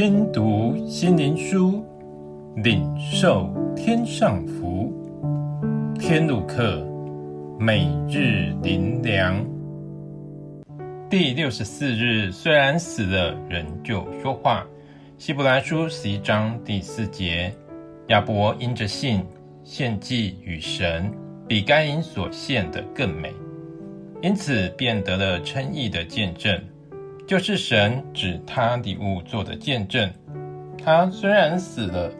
聽讀心靈書，領受天上福。天路客，每日靈糧。第六十四日，雖然死了，仍舊說話。希伯來書十一章第四節：亞伯因着信，獻祭與神，比該隱所獻的更美，因此便得了稱義的見證。就是神指他禮物做的見證，他雖然死了，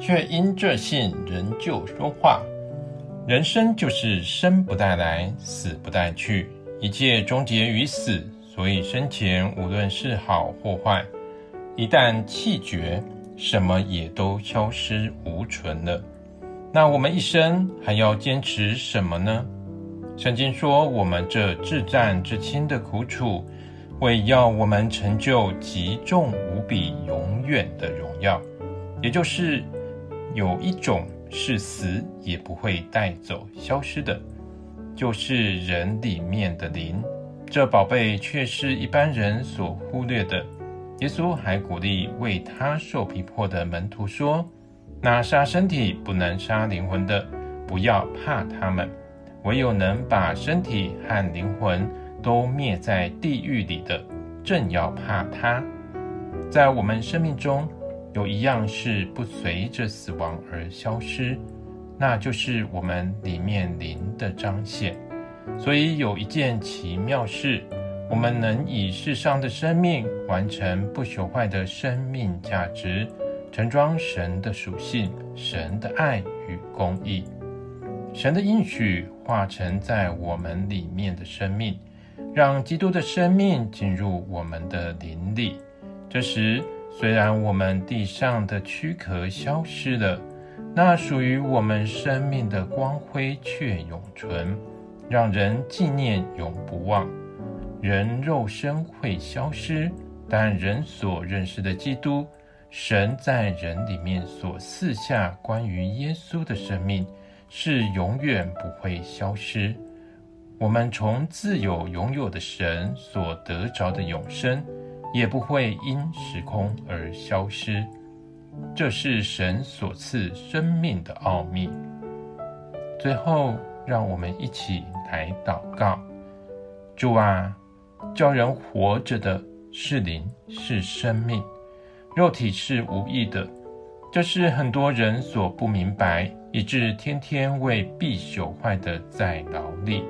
卻因這信仍舊說話。人生就是生不帶來，死不帶去，一切終結於死。所以生前無論是好或壞，一旦氣絕，什麼也都消失無存了。那我們一生還要堅持什麼呢？聖經說，我們這至暫至輕的苦楚。為要我們成就極重無比、永遠的榮耀，也就是有一種是死也不會帶走、消失的，就是人裡面的靈。這寶貝卻是一般人所忽略的。耶穌還鼓勵為他受逼破的門徒說：“那殺身體不能殺靈魂的，不要怕他們。唯有能把身體和靈魂。”都滅在地獄裡的，正要怕他。在我們生命中，有一樣是不隨着死亡而消失，那就是我們裡面靈的彰顯。所以有一件奇妙事，我們能以世上的生命完成不朽壞的生命價值，盛裝神的屬性、神的愛與公義、神的應許，化成在我們裡面的生命。讓基督的生命進入我們的靈裡。這時，雖然我們地上的軀殼消失了，那屬於我們生命的光輝卻永存，讓人紀念永不忘。人肉身會消失，但人所認識的基督，神在人裡面所賜下關於耶穌的生命，是永遠不會消失。我們從自有永有的神所得着的永生，也不會因時空而消失。這是神所賜生命的奧秘。最後，讓我們一起來禱告：主啊，叫人活着的是靈，是生命，肉體是無益的。這是很多人所不明白，以致天天為必朽壞的在勞力。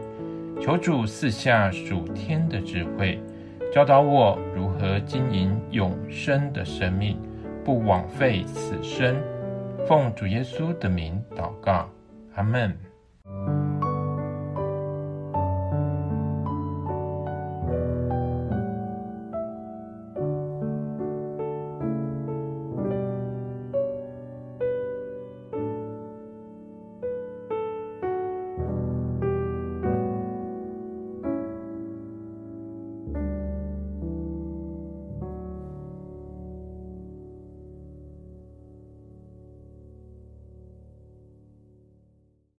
求主賜下屬天的智慧，教導我如何經營永生的生命，不枉費此生。奉主耶穌的名禱告，阿門。